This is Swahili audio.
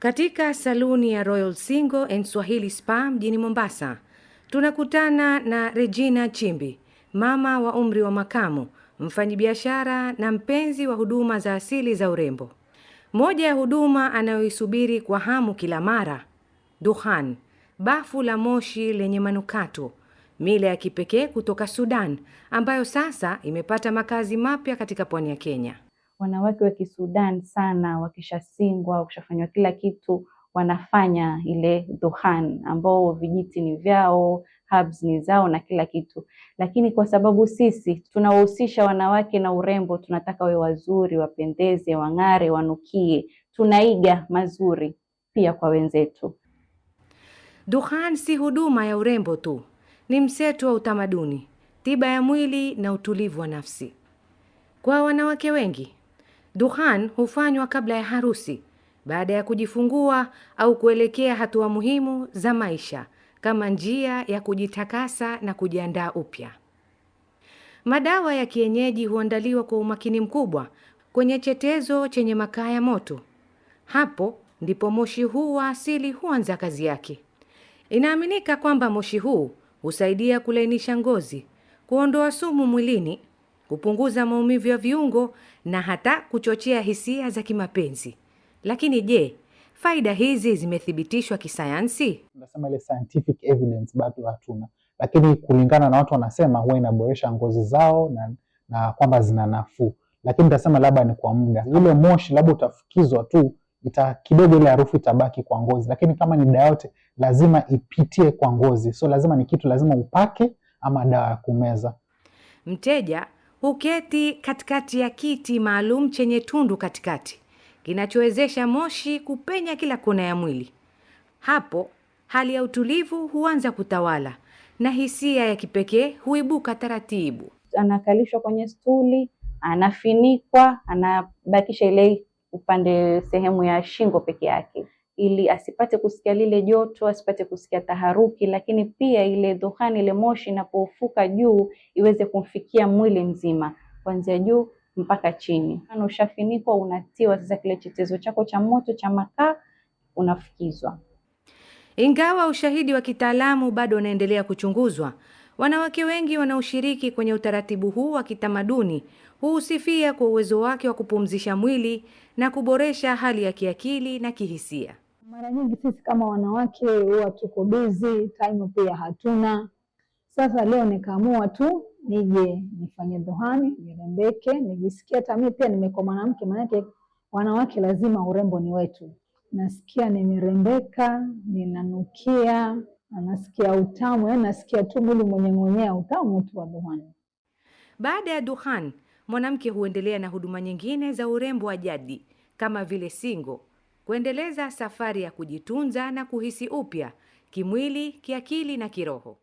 Katika saluni ya Royal Single and Swahili Spa mjini Mombasa, tunakutana na Regina Chimbi, mama wa umri wa makamu, mfanyibiashara na mpenzi wa huduma za asili za urembo. Moja ya huduma anayoisubiri kwa hamu kila mara, duhan, bafu la moshi lenye manukato, mila ya kipekee kutoka Sudan ambayo sasa imepata makazi mapya katika pwani ya Kenya wanawake wa Kisudan sana wakishasingwa, wakishafanywa kila kitu wanafanya ile dhuhan ambao vijiti ni vyao, herbs ni zao na kila kitu, lakini kwa sababu sisi tunawahusisha wanawake na urembo, tunataka wawe wazuri, wapendeze, wang'are, wanukie, tunaiga mazuri pia kwa wenzetu. Duhan si huduma ya urembo tu, ni mseto wa utamaduni, tiba ya mwili na utulivu wa nafsi. Kwa wanawake wengi Duhan hufanywa kabla ya harusi, baada ya kujifungua au kuelekea hatua muhimu za maisha kama njia ya kujitakasa na kujiandaa upya. Madawa ya kienyeji huandaliwa kwa umakini mkubwa kwenye chetezo chenye makaa ya moto. Hapo ndipo moshi huu wa asili huanza kazi yake. Inaaminika kwamba moshi huu husaidia kulainisha ngozi, kuondoa sumu mwilini kupunguza maumivu ya viungo na hata kuchochea hisia za kimapenzi. Lakini je, faida hizi zimethibitishwa kisayansi? Nasema ile scientific evidence bado hatuna, lakini kulingana na watu wanasema huwa inaboresha ngozi zao na, na kwamba zina nafuu, lakini tasema labda ni kwa muda. Ule moshi labda utafukizwa tu ita kidogo ile harufu itabaki kwa ngozi, lakini kama ni dawa yote lazima ipitie kwa ngozi, so lazima ni kitu lazima upake ama dawa ya kumeza. Mteja huketi katikati ya kiti maalum chenye tundu katikati kinachowezesha moshi kupenya kila kona ya mwili. Hapo hali ya utulivu huanza kutawala na hisia ya kipekee huibuka taratibu. Anakalishwa kwenye stuli, anafinikwa, anabakisha ile upande sehemu ya shingo peke yake ili asipate kusikia lile joto, asipate kusikia taharuki, lakini pia ile dhuhani, ile moshi inapofuka juu iweze kumfikia mwili mzima kuanzia juu mpaka chini. Ana ushafinikwa unatiwa, sasa kile chetezo chako cha moto cha makaa unafukizwa. Ingawa ushahidi wa kitaalamu bado unaendelea kuchunguzwa, wanawake wengi wanaoshiriki kwenye utaratibu huu wa kitamaduni huusifia kwa uwezo wake wa kupumzisha mwili na kuboresha hali ya kiakili na kihisia. Mara nyingi sisi kama wanawake huwa tuko busy, time pia hatuna. Sasa leo nikaamua tu nije nifanye dhuhani nirembeke, nijisikie hata mimi pia nimekuwa mwanamke, maanake wanawake lazima urembo ni wetu. Nasikia nimerembeka, ninanukia, nasikia utamu, yaani nasikia tu mwili mwenye ng'onyea utamu tu wa dhuhani. Baada ya duhan, mwanamke huendelea na huduma nyingine za urembo wa jadi kama vile singo kuendeleza safari ya kujitunza na kuhisi upya kimwili, kiakili na kiroho.